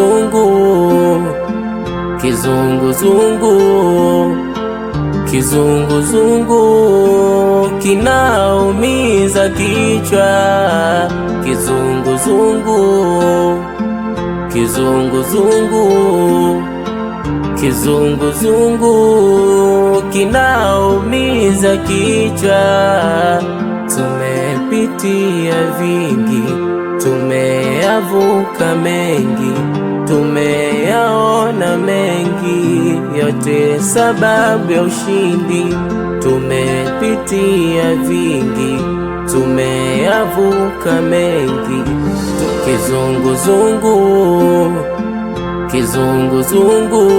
kizunguzungu kizunguzungu kizunguzungu kinaumiza kichwa kizunguzungu kizunguzungu kizunguzungu kinaumiza kichwa tumepitia vingi tumeyavuka mengi, tumeyaona mengi, yote sababu ya ushindi. Tumepitia vingi, tumeyavuka mengi, kizunguzungu, kizunguzungu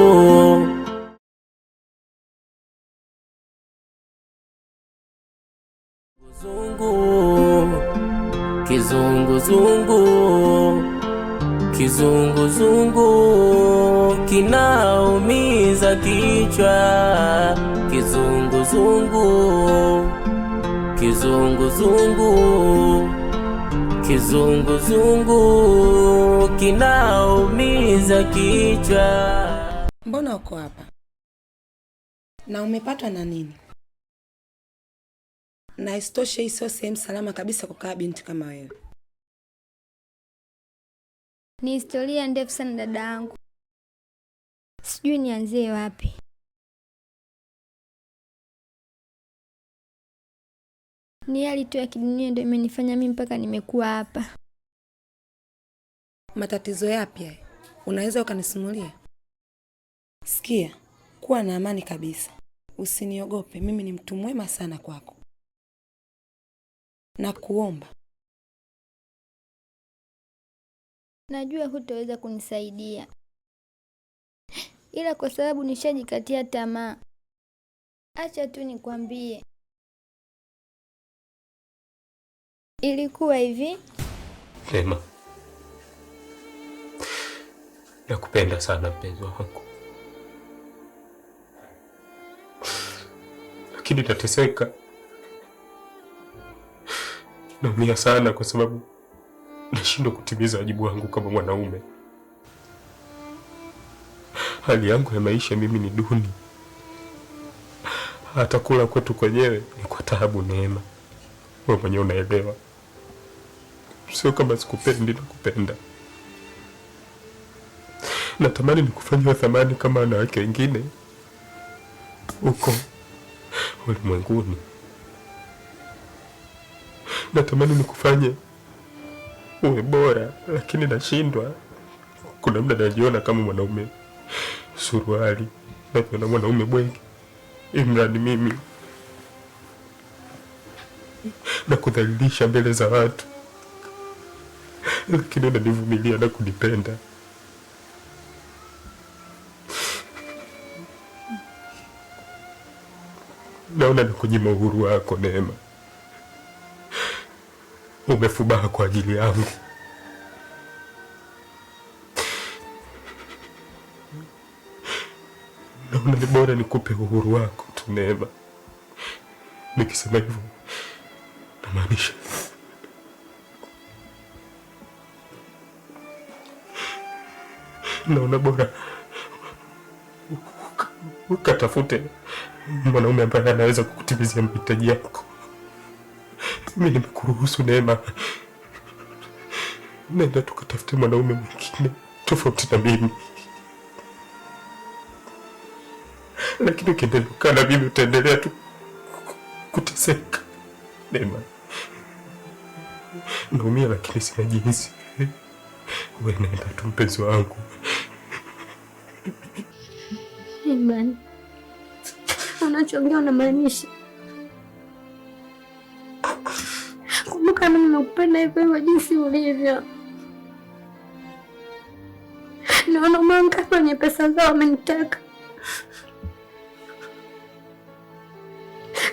kichwa kizunguzungu, kizunguzungu, kizunguzungu kinaumiza kichwa. Mbona uko hapa na umepatwa na nini? Na isitoshe, hii sio sehemu salama kabisa kukaa binti kama wewe. Ni historia ndefu sana dada yangu, sijui nianzie wapi. ni hali tu ya kidunia ndio imenifanya mimi mpaka nimekuwa hapa. Matatizo yapya unaweza ukanisimulia? Sikia, kuwa na amani kabisa, usiniogope. Mimi ni mtu mwema sana kwako, nakuomba. Najua hutaweza kunisaidia, ila kwa sababu nishajikatia tamaa, acha tu nikwambie Ilikuwa hivi Rema, nakupenda sana mpenzi wangu, lakini nateseka naumia sana kwa sababu nashindwa kutimiza wajibu wangu kama mwanaume. Hali yangu ya maisha mimi ni duni, hata kula kwetu kwenyewe ni kwa taabu. Neema, wewe mwenyewe unaelewa. Sio kama sikupendi, nakupenda. Natamani nikufanye wa thamani kama wanawake wengine huko ulimwenguni. Natamani nikufanye uwe bora, lakini nashindwa. Kuna muda najiona kama mwanaume suruali, najiona mwanaume bwengi, imrani mimi na kudhalilisha mbele za watu lakini unanivumilia na kunipenda. Naona nakunyima uhuru wako Neema, umefubaha kwa ajili yangu. Naona ni bora nikupe uhuru wako tu Neema. Nikisema hivyo namaanisha naona bora ukatafute mwanaume ambaye anaweza kukutimizia mahitaji yako. Mimi nimekuruhusu Neema, nenda tukatafute mwanaume mwingine tofauti na mimi, lakini ukiendelea kukaa na mimi utaendelea tu kuteseka. Neema, naumia, lakini sina jinsi. Wewe nenda tu, mpenzi wangu. gani? Unachoongea unamaanisha? Kumbuka mimi nimekupenda hivyo hivyo jinsi ulivyo. Naona wangapi wenye pesa zao wamenitaka,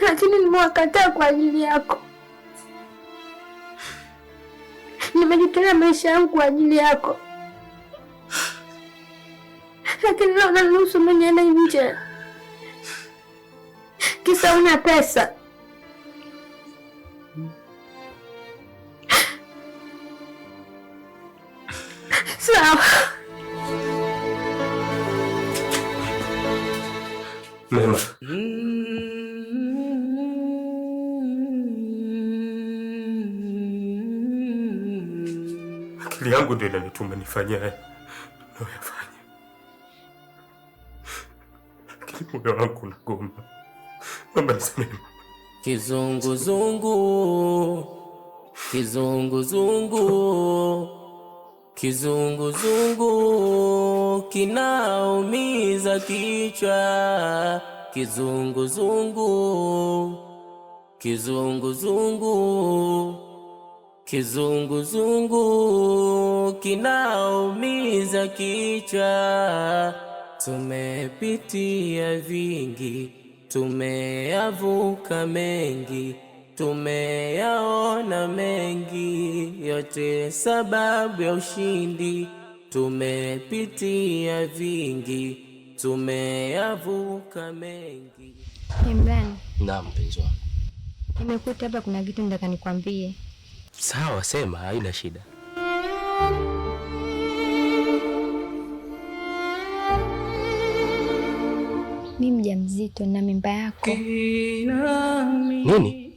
lakini nimewakataa kwa ajili yako. Nimejitolea maisha yangu kwa ajili yako milioni na nusu umeenda nje, kisa una pesa. Sawa akili yangu ndio inanituma nifanye moyo wangu unagoma, naomba nisamehe. Kizunguzungu, kizunguzungu, kizunguzungu kinaumiza kichwa, kizunguzungu, kizunguzungu kizunguzungu kinaumiza kichwa tumepitia vingi, tumeyavuka mengi, tumeyaona mengi, yote sababu ya ushindi. Tumepitia vingi, tumeyavuka mengi. Imran. Naam, mpenzi wangu. Nimekuta hapa, kuna vitu nataka nikwambie. Sawa, sema, haina shida. mi mzito na mimba yako. Nini?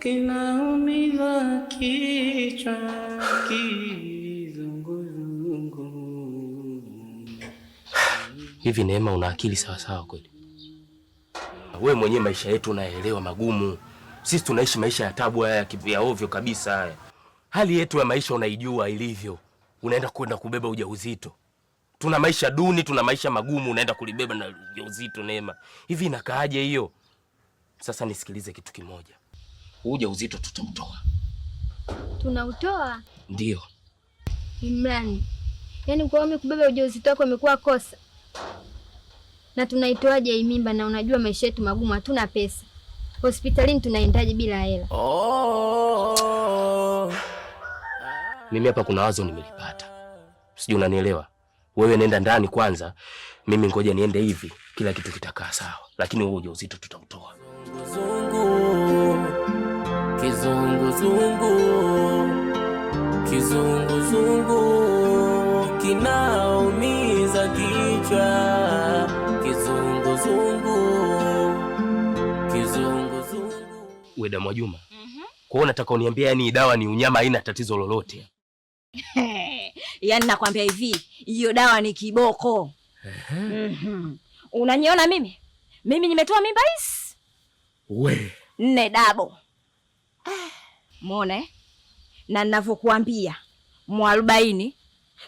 Kinaumiza kichwa kizunguzungu. Hivi Neema, una akili sawasawa kweli? Wewe mwenyewe maisha yetu unaelewa magumu. Sisi tunaishi maisha ya tabu haya ya ovyo kabisa haya. Hali yetu ya maisha unaijua ilivyo, unaenda kwenda kubeba ujauzito tuna maisha duni, tuna maisha magumu, unaenda kulibeba na ujauzito. Neema, hivi inakaaje hiyo? Sasa nisikilize kitu kimoja, huu ujauzito tutamtoa. Tunautoa? Ndio. Imrani, yaani kwa mimi kubeba ujauzito wako imekuwa kosa? Na tunaitoaje hii mimba? Na unajua maisha yetu magumu, hatuna pesa, hospitalini tunaendaje bila hela? Oh. Mimi hapa kuna wazo nimelipata, sijui unanielewa wewe nenda ndani kwanza, mimi ngoja niende hivi, kila kitu kitakaa sawa, lakini huo ujauzito tutautoa. Kizunguzungu, kizunguzungu kinaumiza kichwa, kizunguzungu, kizunguzungu. Wewe Damwajuma, mm -hmm. Kwa hiyo nataka uniambia, yani dawa ni unyama, haina tatizo lolote? Yaani nakwambia hivi, hiyo dawa ni kiboko. Mhm. Unaniona mimi? Mimi nimetoa mimba hizi we nne dabo. Ah, mwona na ninavyokuambia mwarobaini,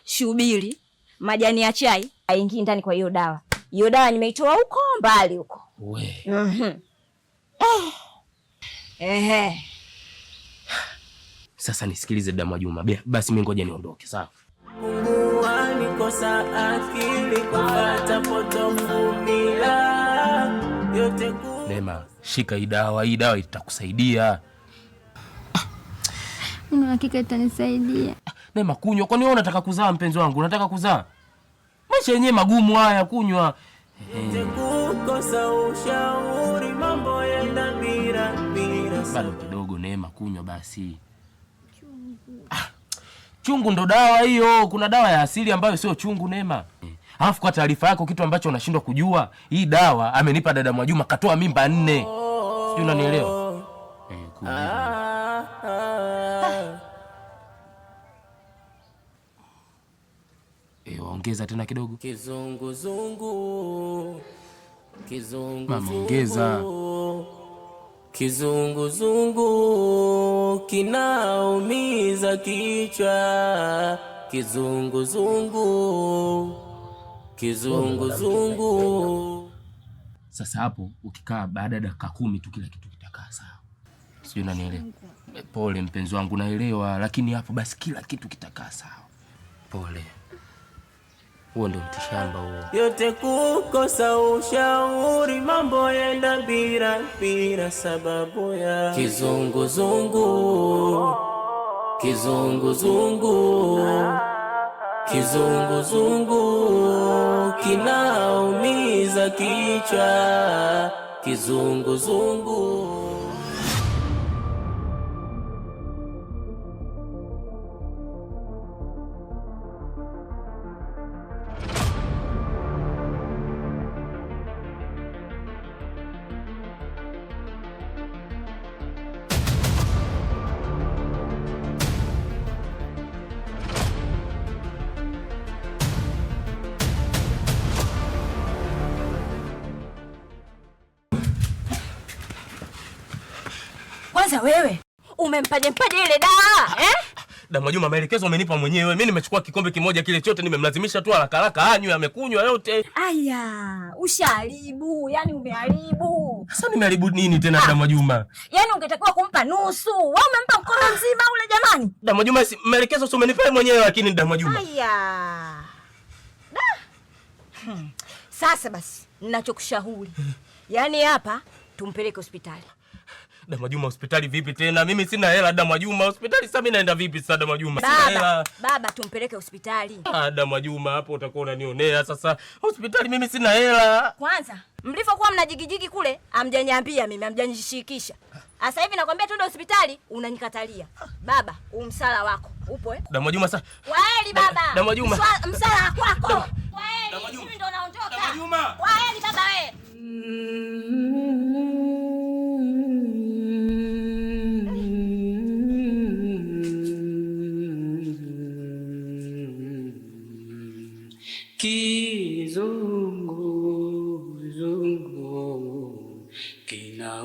shubiri, majani ya chai aingii ndani. Kwa hiyo dawa, hiyo dawa nimeitoa huko mbali huko. Mhm. Sasa nisikilize, dada Juma, basi mimi ngoja niondoke, sawa? kukosa akili, kupata potofu mila yote. Lema, shika hii dawa, hii dawa itakusaidia. Mimi ah, hakika itanisaidia. Nema, kunywa. Kwani wewe unataka kuzaa? Mpenzi wangu, unataka kuzaa? Maisha yenyewe magumu haya, kunywa kukosa ushauri, mambo yenda bila bila. Bado kidogo Neema, kunywa basi. Chungu ndo dawa hiyo. Kuna dawa ya asili ambayo sio chungu, Neema. Alafu kwa taarifa yako, kitu ambacho unashindwa kujua, hii dawa amenipa dada Mwajuma, katoa mimba nne. Sijui unanielewa eh? eh waongeza tena kidogo, kizunguzungu, kizunguzungu, mama ongeza Kizunguzungu kinaumiza kichwa, kizunguzungu, kizunguzungu. Sasa hapo ukikaa baada ya dakika kumi tu kila kitu kitakaa sawa, sijui unanielewa? Pole mpenzi wangu, naelewa, lakini hapo basi kila kitu kitakaa sawa. Pole. Huo ndio mtishamba huo. Yote kukosa ushauri, mambo yenda bila bila sababu ya kizunguzungu, kizunguzungu, kizunguzungu kinaumiza kichwa, kizunguzungu. Kwanza wewe umempaje mpaje ile dawa eh? Da Majuma, maelekezo amenipa mwenyewe. Mimi nimechukua kikombe kimoja kile chote nimemlazimisha tu haraka haraka anywe, amekunywa yote. Aya, ushaharibu, yani umeharibu. Sasa nimeharibu nini tena ah. Da Majuma? Yani ungetakiwa kumpa nusu. Wewe umempa mkono mzima ule jamani. Da Majuma, si maelekezo sio umenipa mwenyewe lakini Da Majuma. Aya. Da. Hmm. Sasa basi ninachokushauri. Eh. yani hapa tumpeleke hospitali. Dama Juma, hospitali vipi tena? Mimi sina hela Dama Juma, hospitali sasa mimi naenda vipi sasa Dama Juma? Sina hela. Baba, tumpeleke hospitali. Ah, Dama Juma, hapo utakuwa unanionea sasa. Hospitali mimi sina hela. Kwanza, mlivyokuwa mnajigijigi kule, amjanyambia mimi, hamjanishikisha. Ah, sasa hivi nakwambia twende hospitali, unanikatalia. Baba, umsala wako upo eh? Da Juma sasa. Waeli baba. Da Juma. Msala wako. Waeli. Mimi ndo naondoka. Da Juma. Waeli baba wewe. Mm.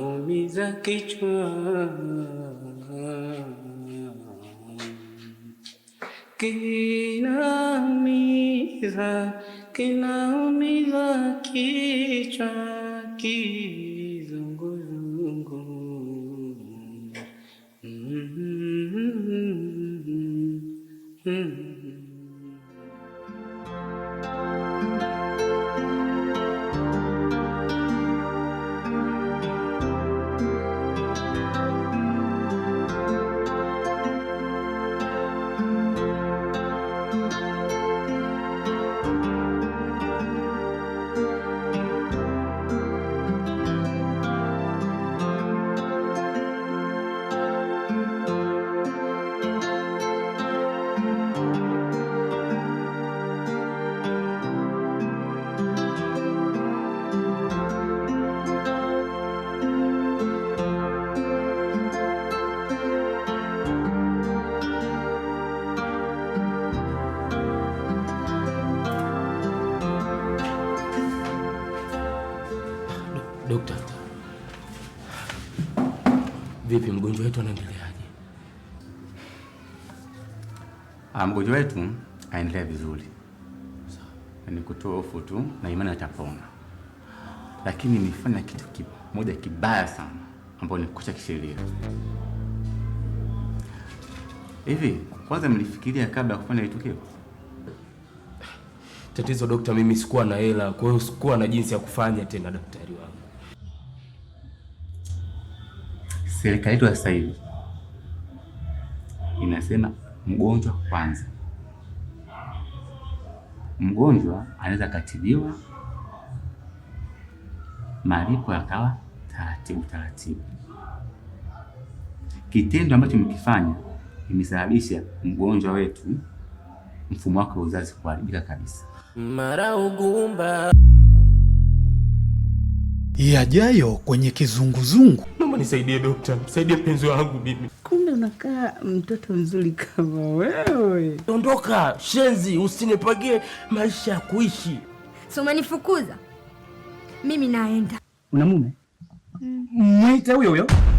আমি যা কিছু কিনা মিজা কিনা মিজা কিছু কি Ah, mgonjwa wetu aendelee vizuri, ni kutoa hofu tu na imani atapona. Lakini nifanya kitu kimoja kibaya sana, ambayo ni kukosa kisheria. Hivi kwanza mlifikiria kabla ya kufanya tukio? Tatizo dokta, mimi sikuwa na hela, kwa hiyo sikuwa na jinsi ya kufanya tena. Daktari wangu, serikali yetu sasa hivi inasema mgonjwa kwanza. Mgonjwa anaweza akatibiwa, malipo yakawa taratibu taratibu. Kitendo ambacho mkifanya imesababisha mgonjwa wetu mfumo wake wa uzazi kuharibika kabisa. Mara ugumba yajayo kwenye kizunguzungu naomba nisaidie dokta, msaidie mpenzi wangu mimi. Kumbe unakaa mtoto mzuri kama wewe. Ondoka shenzi, usinipagie maisha ya kuishi. So umenifukuza mimi, naenda. Una mume? Mm. Mwita huyo huyo.